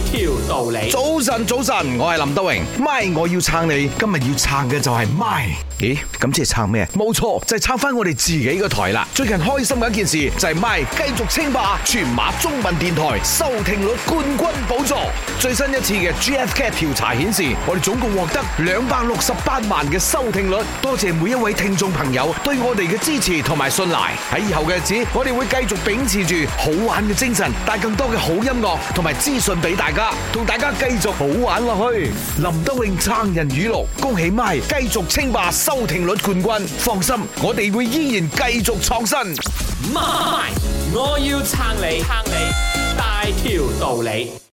條道理，早晨早晨，我係林德榮，MY，我要撐你，今日要撐嘅就係 MY。咦，咁即係撐咩？冇錯，就係撐翻我哋自己個台啦。最近開心嘅一件事就係 MY，繼續稱霸全馬中文電台收聽率冠軍寶座。最新一次嘅 GfK 調查顯示，我哋總共獲得兩百六十八萬嘅收聽率。多謝每一位聽眾朋友對我哋嘅支持同埋信賴。喺以後嘅日子，我哋會繼續秉持住好玩嘅精神，帶更多嘅好音樂同埋資訊俾大家。大家同大家繼續好玩落去。林德榮撐人語錄，恭喜 MY 繼續稱霸收聽率冠軍。放心，我哋會依然繼續創新。My，我要撐你撐你，大條道理。